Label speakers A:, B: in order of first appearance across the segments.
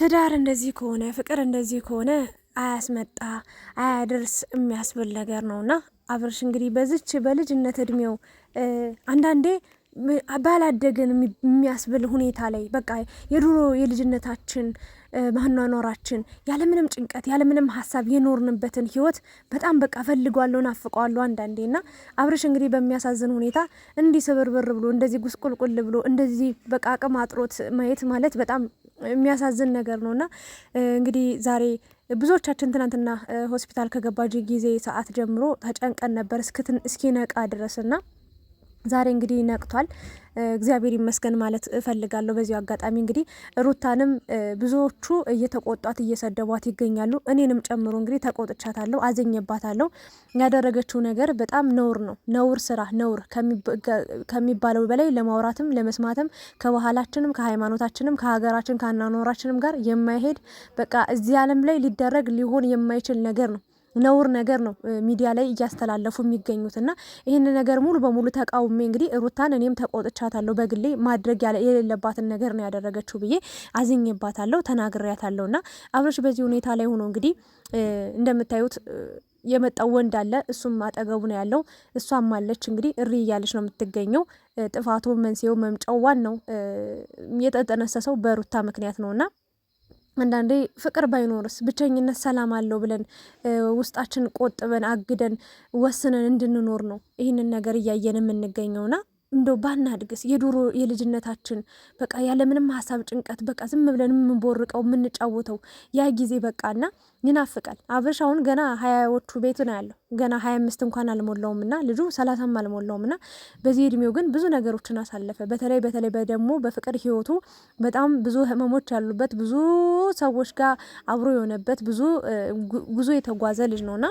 A: ትዳር እንደዚህ ከሆነ ፍቅር እንደዚህ ከሆነ አያስመጣ አያደርስ የሚያስብል ነገር ነውና አብርሽ እንግዲህ በዚች በልጅነት እድሜው አንዳንዴ ባላደግን የሚያስብል ሁኔታ ላይ በቃ የድሮ የልጅነታችን ማኗኗራችን ያለምንም ጭንቀት ያለምንም ሀሳብ የኖርንበትን ህይወት በጣም በቃ ፈልጓለሁ፣ ናፍቀዋለሁ አንዳንዴ ና አብርሽ እንግዲህ በሚያሳዝን ሁኔታ እንዲህ ስብርብር ብሎ እንደዚህ ጉስቁልቁል ብሎ እንደዚህ በቃ አቅም አጥሮት ማየት ማለት በጣም የሚያሳዝን ነገር ነው ና እንግዲህ ዛሬ ብዙዎቻችን ትናንትና ሆስፒታል ከገባጅ ጊዜ ሰዓት ጀምሮ ተጨንቀን ነበር እስኪነቃ ድረስ ዛሬ እንግዲህ ነቅቷል። እግዚአብሔር ይመስገን ማለት እፈልጋለሁ። በዚሁ አጋጣሚ እንግዲህ ሩታንም ብዙዎቹ እየተቆጧት እየሰደቧት ይገኛሉ። እኔንም ጨምሮ እንግዲህ ተቆጥቻታለሁ፣ አዘኘባታለሁ። ያደረገችው ነገር በጣም ነውር ነው፣ ነውር ስራ፣ ነውር ከሚባለው በላይ ለማውራትም ለመስማትም ከባህላችንም ከሃይማኖታችንም ከሀገራችን ከአኗኗራችንም ጋር የማይሄድ በቃ እዚህ ዓለም ላይ ሊደረግ ሊሆን የማይችል ነገር ነው። ነውር ነገር ነው ሚዲያ ላይ እያስተላለፉ የሚገኙት እና ይህን ነገር ሙሉ በሙሉ ተቃውሜ እንግዲህ ሩታን እኔም ተቆጥቻታለሁ። በግሌ ማድረግ የሌለባትን ነገር ነው ያደረገችው ብዬ አዝኜባታለሁ፣ ተናግሬያታለሁ። እና አብረሽ በዚህ ሁኔታ ላይ ሆኖ እንግዲህ እንደምታዩት የመጣው ወንድ አለ፣ እሱም አጠገቡ ነው ያለው፣ እሷም አለች። እንግዲህ እሪ እያለች ነው የምትገኘው። ጥፋቱ መንስኤው፣ መምጫው ዋናው የተጠነሰሰው በሩታ ምክንያት ነውና አንዳንዴ ፍቅር ባይኖርስ ብቸኝነት ሰላም አለው ብለን ውስጣችን ቆጥበን አግደን ወስነን እንድንኖር ነው ይህንን ነገር እያየን የምንገኘውና እንደው ባናድግስ የድሮ የልጅነታችን በቃ ያለምንም ሀሳብ ጭንቀት በቃ ዝም ብለን የምንቦርቀው የምንጫወተው ያ ጊዜ በቃና ይናፍቃል። አብርሽ አሁን ገና ሀያዎቹ ቤት ነው ያለው። ገና ሀያ አምስት እንኳን አልሞላውም ና ልጁ ሰላሳም አልሞላውም ና በዚህ እድሜው ግን ብዙ ነገሮችን አሳለፈ። በተለይ በተለይ ደግሞ በፍቅር ህይወቱ በጣም ብዙ ህመሞች ያሉበት ብዙ ሰዎች ጋር አብሮ የሆነበት ብዙ ጉዞ የተጓዘ ልጅ ነውና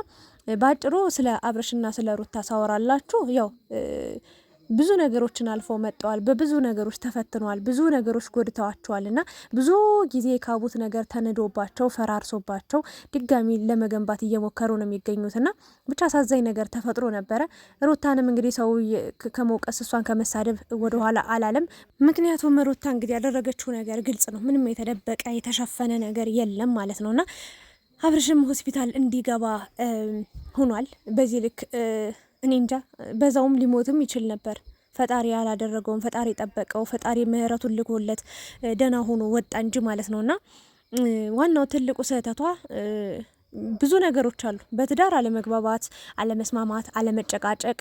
A: በአጭሩ ስለ አብርሽና ስለ ሩታ ሳወራላችሁ ያው ብዙ ነገሮችን አልፈው መጥተዋል። በብዙ ነገሮች ተፈትነዋል። ብዙ ነገሮች ጎድተዋቸዋል እና ብዙ ጊዜ የካቡት ነገር ተንዶባቸው ፈራርሶባቸው ድጋሚ ለመገንባት እየሞከሩ ነው የሚገኙት እና ብቻ አሳዛኝ ነገር ተፈጥሮ ነበረ። ሩታንም እንግዲህ ሰው ከመውቀስ እሷን ከመሳደብ ወደኋላ አላለም። ምክንያቱም ሩታ እንግዲህ ያደረገችው ነገር ግልጽ ነው። ምንም የተደበቀ የተሸፈነ ነገር የለም ማለት ነው እና አብርሽም ሆስፒታል እንዲገባ ሆኗል በዚህ ልክ እኔ እንጃ። በዛውም ሊሞትም ይችል ነበር። ፈጣሪ ያላደረገውን ፈጣሪ ጠበቀው፣ ፈጣሪ ምሕረቱን ልኮለት ደህና ሆኖ ወጣ እንጂ ማለት ነው። እና ዋናው ትልቁ ስህተቷ ብዙ ነገሮች አሉ። በትዳር አለመግባባት፣ አለመስማማት፣ አለመጨቃጨቅ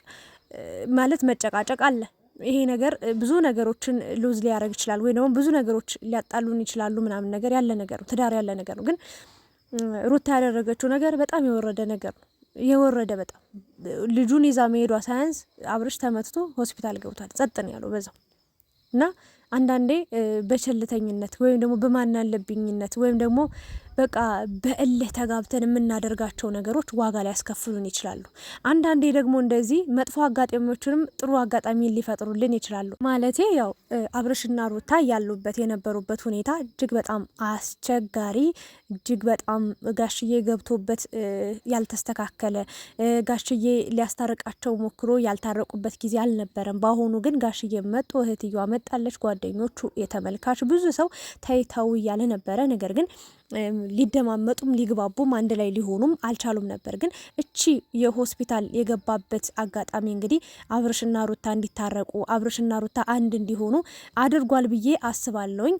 A: ማለት መጨቃጨቅ አለ ይሄ ነገር ብዙ ነገሮችን ሉዝ ሊያደርግ ይችላል፣ ወይ ደግሞ ብዙ ነገሮች ሊያጣሉን ይችላሉ። ምናምን ነገር ያለ ነገር ነው፣ ትዳር ያለ ነገር ነው። ግን ሩታ ያደረገችው ነገር በጣም የወረደ ነገር ነው። የወረደ በጣም ልጁን ይዛ መሄዷ ሳያንስ አብርሽ ተመትቶ ሆስፒታል ገብቷል። ጸጥን ያለው በዛው እና አንዳንዴ በቸልተኝነት ወይም ደግሞ በማናለብኝነት ወይም ደግሞ በቃ በእልህ ተጋብተን የምናደርጋቸው ነገሮች ዋጋ ሊያስከፍሉን ይችላሉ። አንዳንዴ ደግሞ እንደዚህ መጥፎ አጋጣሚዎችንም ጥሩ አጋጣሚ ሊፈጥሩልን ይችላሉ። ማለቴ ያው አብርሽና ሩታ ያሉበት የነበሩበት ሁኔታ እጅግ በጣም አስቸጋሪ፣ እጅግ በጣም ጋሽዬ ገብቶበት ያልተስተካከለ፣ ጋሽዬ ሊያስታርቃቸው ሞክሮ ያልታረቁበት ጊዜ አልነበረም። በአሁኑ ግን ጋሽዬ መጡ፣ እህትዮዋ መጣለች፣ ጓደኞቹ፣ የተመልካች ብዙ ሰው ታይታዊ እያለ ነበረ ነገር ግን ሊደማመጡም ሊግባቡም አንድ ላይ ሊሆኑም አልቻሉም ነበር። ግን እቺ የሆስፒታል የገባበት አጋጣሚ እንግዲህ አብርሽና ሩታ እንዲታረቁ አብርሽና ሩታ አንድ እንዲሆኑ አድርጓል ብዬ አስባለሁኝ።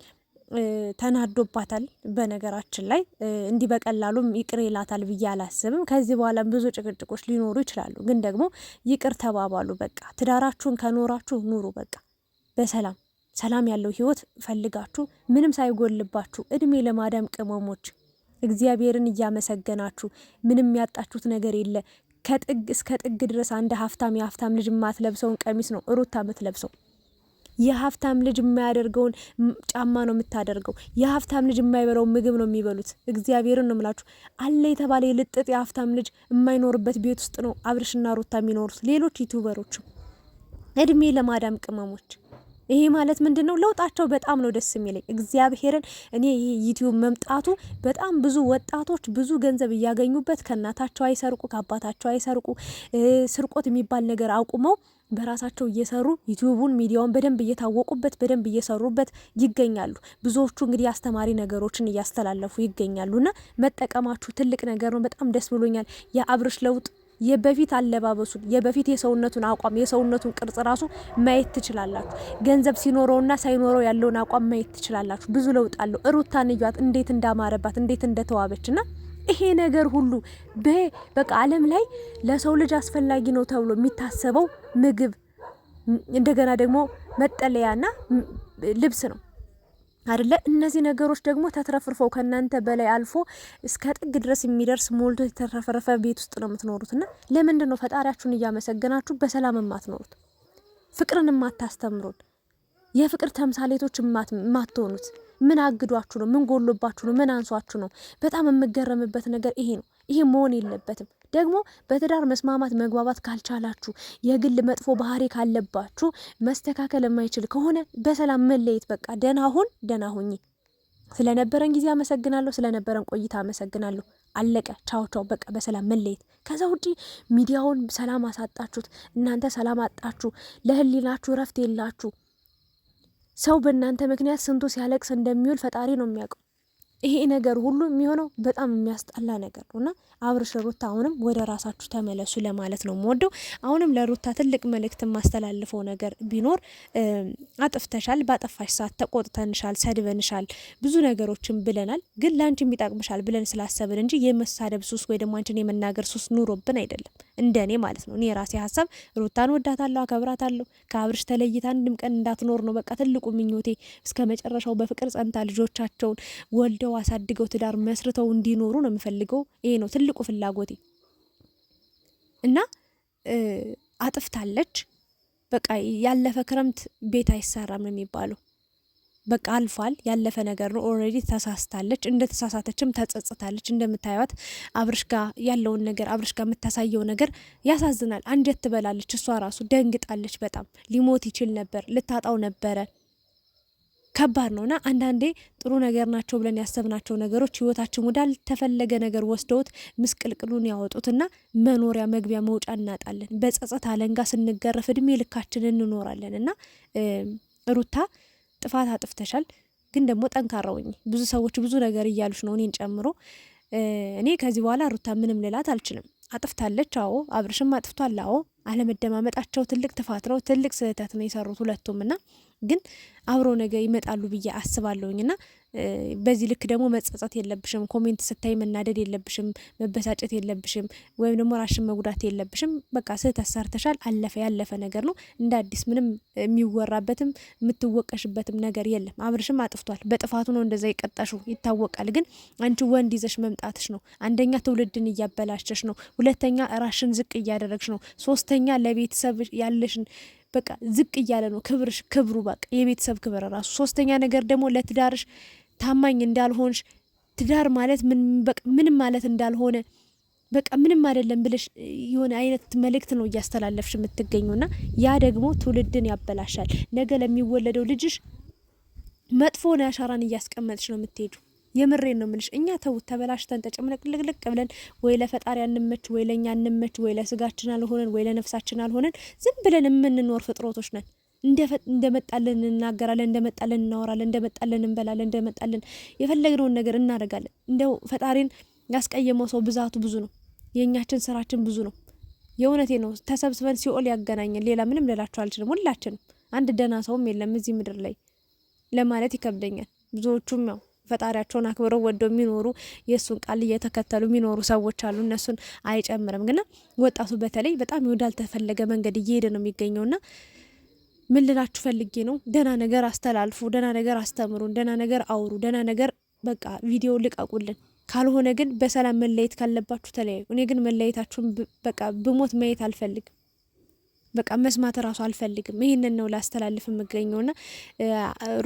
A: ተናዶባታል። በነገራችን ላይ እንዲህ በቀላሉም ይቅር ይላታል ብዬ አላስብም። ከዚህ በኋላም ብዙ ጭቅጭቆች ሊኖሩ ይችላሉ። ግን ደግሞ ይቅር ተባባሉ። በቃ ትዳራችሁን ከኖራችሁ ኑሩ በቃ በሰላም ሰላም ያለው ህይወት ፈልጋችሁ ምንም ሳይጎልባችሁ እድሜ ለማዳም ቅመሞች እግዚአብሔርን እያመሰገናችሁ ምንም ያጣችሁት ነገር የለ። ከጥግ እስከ ጥግ ድረስ አንድ ሀብታም የሀብታም ልጅ የማትለብሰውን ቀሚስ ነው ሩታ የምትለብሰው። የሀብታም ልጅ የማያደርገውን ጫማ ነው የምታደርገው። የሀብታም ልጅ የማይበለው ምግብ ነው የሚበሉት። እግዚአብሔርን ነው ምላችሁ አለ የተባለ የልጥጥ የሀብታም ልጅ የማይኖርበት ቤት ውስጥ ነው አብርሽና ሩታ የሚኖሩት። ሌሎች ዩቱበሮችም እድሜ ለማዳም ቅመሞች ይሄ ማለት ምንድን ነው? ለውጣቸው በጣም ነው ደስ የሚለኝ። እግዚአብሔርን እኔ ይሄ ዩቲዩብ መምጣቱ በጣም ብዙ ወጣቶች ብዙ ገንዘብ እያገኙበት ከእናታቸው አይሰርቁ፣ ከአባታቸው አይሰርቁ፣ ስርቆት የሚባል ነገር አቁመው በራሳቸው እየሰሩ ዩቲዩቡን ሚዲያውን በደንብ እየታወቁበት በደንብ እየሰሩበት ይገኛሉ። ብዙዎቹ እንግዲህ አስተማሪ ነገሮችን እያስተላለፉ ይገኛሉና መጠቀማችሁ ትልቅ ነገር ነው። በጣም ደስ ብሎኛል። የአብርሽ ለውጥ የበፊት አለባበሱን የበፊት የሰውነቱን አቋም የሰውነቱን ቅርጽ ራሱ ማየት ትችላላችሁ። ገንዘብ ሲኖረውና ሳይኖረው ያለውን አቋም ማየት ትችላላችሁ። ብዙ ለውጥ አለው። ሩታን እያት እንዴት እንዳማረባት እንዴት እንደተዋበች ና ይሄ ነገር ሁሉ በቃ ዓለም ላይ ለሰው ልጅ አስፈላጊ ነው ተብሎ የሚታሰበው ምግብ እንደገና ደግሞ መጠለያና ልብስ ነው። አይደለ እነዚህ ነገሮች ደግሞ ተትረፍርፈው ከእናንተ በላይ አልፎ እስከ ጥግ ድረስ የሚደርስ ሞልቶ የተረፈረፈ ቤት ውስጥ ነው የምትኖሩት። ና ለምንድን ነው ፈጣሪያችሁን እያመሰገናችሁ በሰላም የማትኖሩት? ፍቅርን የማታስተምሩን፣ የፍቅር ተምሳሌቶች የማትሆኑት? ምን አግዷችሁ ነው? ምን ጎሎባችሁ ነው? ምን አንሷችሁ ነው? በጣም የምገረምበት ነገር ይሄ ነው። ይሄ መሆን የለበትም። ደግሞ በትዳር መስማማት መግባባት ካልቻላችሁ፣ የግል መጥፎ ባህሪ ካለባችሁ፣ መስተካከል የማይችል ከሆነ በሰላም መለየት በቃ ደህና ሁን ደህና ሁኝ። ስለነበረን ጊዜ አመሰግናለሁ። ስለነበረን ቆይታ አመሰግናለሁ። አለቀ። ቻው ቻው። በቃ በሰላም መለየት። ከዛ ውጪ ሚዲያውን ሰላም አሳጣችሁት። እናንተ ሰላም አጣችሁ። ለህሊናችሁ እረፍት የላችሁ። ሰው በእናንተ ምክንያት ስንቱ ሲያለቅስ እንደሚውል ፈጣሪ ነው የሚያውቀው። ይሄ ነገር ሁሉ የሚሆነው በጣም የሚያስጠላ ነገር ነው እና አብርሽ ሩታ አሁንም ወደ ራሳችሁ ተመለሱ ለማለት ነው የምወደው። አሁንም ለሩታ ትልቅ መልእክት የማስተላልፈው ነገር ቢኖር አጥፍተሻል፣ ባጠፋሽ ሰዓት ተቆጥተንሻል፣ ሰድበንሻል፣ ብዙ ነገሮችን ብለናል። ግን ለአንቺም ይጠቅምሻል ብለን ስላሰብን እንጂ የመሳደብ ሱስ ወይ ደግሞ አንቺን የመናገር ሱስ ኑሮብን አይደለም። እንደኔ ማለት ነው። እኔ የራሴ ሀሳብ ሩታን ወዳታለሁ፣ አከብራታለሁ። ከአብርሽ ተለይታ አንድም ቀን እንዳትኖር ነው በቃ ትልቁ ምኞቴ። እስከ መጨረሻው በፍቅር ጸንታ ልጆቻቸውን ወልደው አግብተው አሳድገው ትዳር መስርተው እንዲኖሩ ነው የምፈልገው። ይሄ ነው ትልቁ ፍላጎቴ እና አጥፍታለች። በቃ ያለፈ ክረምት ቤት አይሰራም ነው የሚባለው። በቃ አልፏል። ያለፈ ነገር ነው። ኦልሬዲ ተሳስታለች። እንደ ተሳሳተችም ተጸጽታለች። እንደምታዩት አብርሽ ጋ ያለውን ነገር አብርሽ የምታሳየው ነገር ያሳዝናል። አንጀት ትበላለች። እሷ ራሱ ደንግጣለች በጣም ሊሞት ይችል ነበር። ልታጣው ነበረ ከባድ ነውና አንዳንዴ ጥሩ ነገር ናቸው ብለን ያሰብናቸው ነገሮች ህይወታችን ወዳልተፈለገ ነገር ወስደውት ምስቅልቅሉን ያወጡትና መኖሪያ መግቢያ መውጫ እናጣለን። በጸጸት አለንጋ ስንገረፍ እድሜ ልካችን እንኖራለን እና ሩታ ጥፋት አጥፍተሻል፣ ግን ደግሞ ጠንካራውኝ ብዙ ሰዎች ብዙ ነገር እያሉች ነው፣ እኔን ጨምሮ። እኔ ከዚህ በኋላ ሩታ ምንም ልላት አልችልም። አጥፍታለች፣ አዎ። አብርሽም አጥፍቷል፣ አዎ። አለመደማመጣቸው ትልቅ ጥፋት ነው፣ ትልቅ ስህተት ነው የሰሩት ሁለቱም እና ግን አብሮ ነገ ይመጣሉ ብዬ አስባለሁኝ እና በዚህ ልክ ደግሞ መጸጸት የለብሽም። ኮሜንት ስታይ መናደድ የለብሽም፣ መበሳጨት የለብሽም፣ ወይም ደግሞ ራሽን መጉዳት የለብሽም። በቃ ስህተት ሰርተሻል፣ አለፈ ያለፈ ነገር ነው። እንደ አዲስ ምንም የሚወራበትም የምትወቀሽበትም ነገር የለም። አብርሽም አጥፍቷል፣ በጥፋቱ ነው እንደዛ የቀጣሽው ይታወቃል። ግን አንቺ ወንድ ይዘሽ መምጣትሽ ነው አንደኛ ትውልድን እያበላሸሽ ነው፣ ሁለተኛ ራሽን ዝቅ እያደረግሽ ነው፣ ሶስተኛ ለቤተሰብ ያለሽን በቃ ዝቅ እያለ ነው ክብርሽ፣ ክብሩ በቃ የቤተሰብ ክብር ራሱ። ሶስተኛ ነገር ደግሞ ለትዳርሽ ታማኝ እንዳልሆንሽ ትዳር ማለት ምንም ማለት እንዳልሆነ በቃ ምንም አይደለም ብለሽ የሆነ አይነት መልእክት ነው እያስተላለፍሽ የምትገኙና ያ ደግሞ ትውልድን ያበላሻል። ነገ ለሚወለደው ልጅሽ መጥፎ አሻራን እያስቀመጥሽ ነው የምትሄዱ። የምሬን ነው ምልሽ። እኛ ተውት ተበላሽተን ተጨምለቅልቅልቅ ብለን ወይ ለፈጣሪ አንመች፣ ወይ ለእኛ አንመች፣ ወይ ለስጋችን አልሆነን፣ ወይ ለነፍሳችን አልሆነን ዝም ብለን የምንኖር ፍጥሮቶች ነን። እንደመጣለን እንናገራለን፣ እንደመጣለን እናወራለን፣ እንደመጣለን እንበላለን፣ እንደመጣለን የፈለግነውን ነገር እናደርጋለን። እንደው ፈጣሪን ያስቀየመው ሰው ብዛቱ ብዙ ነው። የእኛችን ስራችን ብዙ ነው። የእውነቴ ነው። ተሰብስበን ሲኦል ያገናኘን። ሌላ ምንም ልላቸው አልችልም። ሁላችንም አንድ ደህና ሰውም የለም እዚህ ምድር ላይ ለማለት ይከብደኛል። ብዙዎቹም ያው ፈጣሪያቸውን አክብረው ወደው የሚኖሩ የእሱን ቃል እየተከተሉ የሚኖሩ ሰዎች አሉ። እነሱን አይጨምርም። ግና ወጣቱ በተለይ በጣም ወዳልተፈለገ መንገድ እየሄደ ነው የሚገኘውና ምን ልላችሁ ፈልጌ ነው፣ ደህና ነገር አስተላልፉ፣ ደህና ነገር አስተምሩን፣ ደህና ነገር አውሩ፣ ደህና ነገር በቃ ቪዲዮ ልቀቁልን። ካልሆነ ግን በሰላም መለየት ካለባችሁ ተለያዩ። እኔ ግን መለየታችሁን በቃ ብሞት ማየት አልፈልግም። በቃ መስማት እራሱ አልፈልግም። ይህንን ነው ላስተላልፍ ና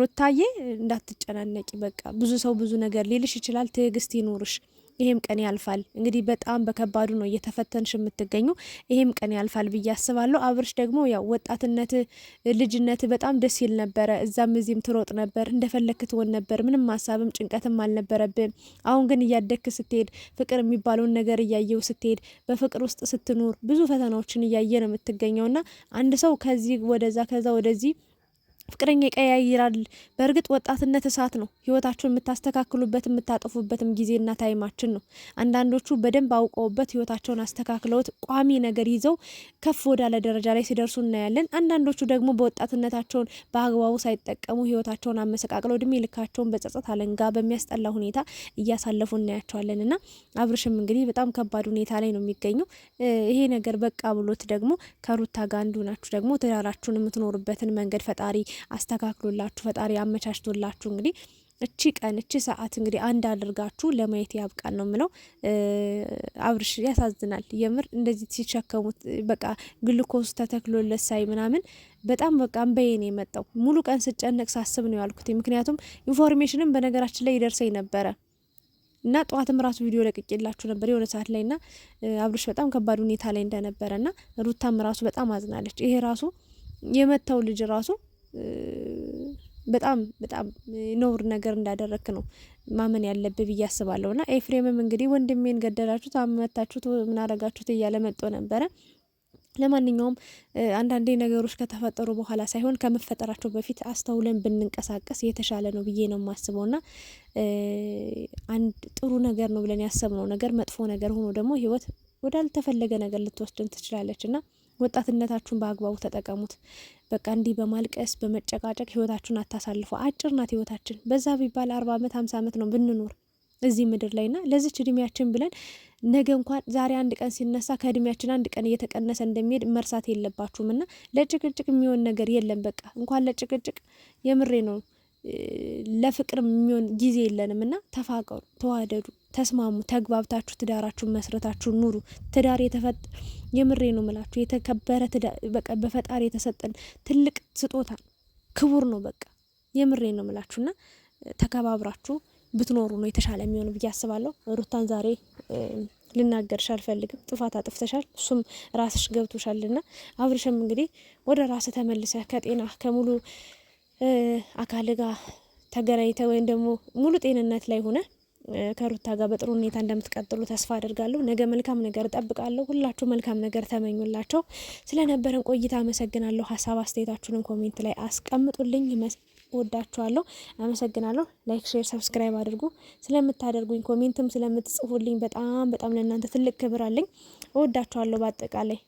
A: ሩታዬ እንዳትጨናነቂ። በቃ ብዙ ሰው ብዙ ነገር ሊልሽ ይችላል። ትዕግስት ይኑርሽ። ይሄም ቀን ያልፋል። እንግዲህ በጣም በከባዱ ነው እየተፈተንሽ የምትገኙ። ይሄም ቀን ያልፋል ብዬ አስባለሁ። አብርሽ ደግሞ ያው ወጣትነት፣ ልጅነት በጣም ደስ ይል ነበረ። እዛም እዚህም ትሮጥ ነበር፣ እንደፈለክ ትሆን ነበር። ምንም ሀሳብም ጭንቀትም አልነበረብም። አሁን ግን እያደግክ ስትሄድ፣ ፍቅር የሚባለውን ነገር እያየው ስትሄድ፣ በፍቅር ውስጥ ስትኖር ብዙ ፈተናዎችን እያየ ነው የምትገኘውና አንድ ሰው ከዚህ ወደዛ ከዛ ወደዚህ ፍቅረኛ ይቀያይራል። በእርግጥ ወጣትነት እሳት ነው። ህይወታችሁን የምታስተካክሉበት የምታጠፉበትም ጊዜና ታይማችን ነው። አንዳንዶቹ በደንብ አውቀውበት ህይወታቸውን አስተካክለውት ቋሚ ነገር ይዘው ከፍ ወዳለ ደረጃ ላይ ሲደርሱ እናያለን። አንዳንዶቹ ደግሞ በወጣትነታቸውን በአግባቡ ሳይጠቀሙ ህይወታቸውን አመሰቃቅለው እድሜ ልካቸውን በጸጸት አለንጋ በሚያስጠላ ሁኔታ እያሳለፉ እናያቸዋለን እና አብርሽም እንግዲህ በጣም ከባድ ሁኔታ ላይ ነው የሚገኘው። ይሄ ነገር በቃ ብሎት ደግሞ ከሩታ ጋር ናችሁ ደግሞ ትዳራችሁን የምትኖሩበትን መንገድ ፈጣሪ አስተካክሎላችሁ ፈጣሪ አመቻችቶላችሁ እንግዲህ እቺ ቀን እቺ ሰዓት እንግዲህ አንድ አድርጋችሁ ለማየት ያብቃን ነው ምለው። አብርሽ ያሳዝናል የምር እንደዚህ ሲሸከሙት በቃ ግልኮስ ተተክሎለት ሳይ ምናምን በጣም በቃ እንበየን የመጣው ሙሉ ቀን ስጨነቅ ሳስብ ነው ያልኩት። ምክንያቱም ኢንፎርሜሽንም በነገራችን ላይ ይደርሰኝ ነበረ እና ጠዋትም ራሱ ቪዲዮ ለቅቄላችሁ ነበር የሆነ ሰዓት ላይ እና አብርሽ በጣም ከባድ ሁኔታ ላይ እንደነበረ እና ሩታም ራሱ በጣም አዝናለች። ይሄ ራሱ የመታው ልጅ ራሱ በጣም በጣም ኖር ነገር እንዳደረክ ነው ማመን ያለብህ ብዬ አስባለሁ። እና ኤፍሬምም እንግዲህ ወንድሜን ገደላችሁት፣ አመታችሁት፣ ምናረጋችሁት እያለ መጦ ነበረ። ለማንኛውም አንዳንዴ ነገሮች ከተፈጠሩ በኋላ ሳይሆን ከመፈጠራቸው በፊት አስተውለን ብንንቀሳቀስ የተሻለ ነው ብዬ ነው የማስበው። ና አንድ ጥሩ ነገር ነው ብለን ያሰብነው ነገር መጥፎ ነገር ሆኖ ደግሞ ህይወት ወዳልተፈለገ ነገር ልትወስድን ትችላለች ና ወጣትነታችሁን በአግባቡ ተጠቀሙት። በቃ እንዲህ በማልቀስ በመጨቃጨቅ ህይወታችሁን አታሳልፉ። አጭር ናት ህይወታችን። በዛ ቢባል አርባ ዓመት ሀምሳ ዓመት ነው ብንኖር እዚህ ምድር ላይ ና ለዚች እድሜያችን ብለን ነገ እንኳን ዛሬ አንድ ቀን ሲነሳ ከእድሜያችን አንድ ቀን እየተቀነሰ እንደሚሄድ መርሳት የለባችሁም እና ለጭቅጭቅ የሚሆን ነገር የለም። በቃ እንኳን ለጭቅጭቅ የምሬ ነው ለፍቅር የሚሆን ጊዜ የለንም እና ተፋቀሩ፣ ተዋደዱ፣ ተስማሙ፣ ተግባብታችሁ ትዳራችሁን መስረታችሁ ኑሩ። ትዳር የምሬ ነው ምላችሁ የተከበረ በቃ በፈጣሪ የተሰጠን ትልቅ ስጦታ ክቡር ነው። በቃ የምሬ ነው ምላችሁና ተከባብራችሁ ብትኖሩ ነው የተሻለ የሚሆን ብዬ አስባለሁ። ሩታን ዛሬ ልናገርሽ አልፈልግም። ጥፋት አጥፍተሻል፣ እሱም ራስሽ ገብቶሻልና አብርሽም እንግዲህ ወደ ራስ ተመልሰ ከጤና ከሙሉ አካል ጋር ተገናኝተ ወይም ደግሞ ሙሉ ጤንነት ላይ ሆነ ከሩታ ጋር በጥሩ ሁኔታ እንደምትቀጥሉ ተስፋ አድርጋለሁ። ነገ መልካም ነገር እጠብቃለሁ። ሁላችሁ መልካም ነገር ተመኙላቸው። ስለነበረን ቆይታ አመሰግናለሁ። ሀሳብ አስተያየታችሁንም ኮሜንት ላይ አስቀምጡልኝ። ወዳችኋለሁ። አመሰግናለሁ። ላይክ፣ ሼር፣ ሰብስክራይብ አድርጉ። ስለምታደርጉኝ ኮሜንትም ስለምትጽፉልኝ በጣም በጣም ለእናንተ ትልቅ ክብር አለኝ። ወዳችኋለሁ። በአጠቃላይ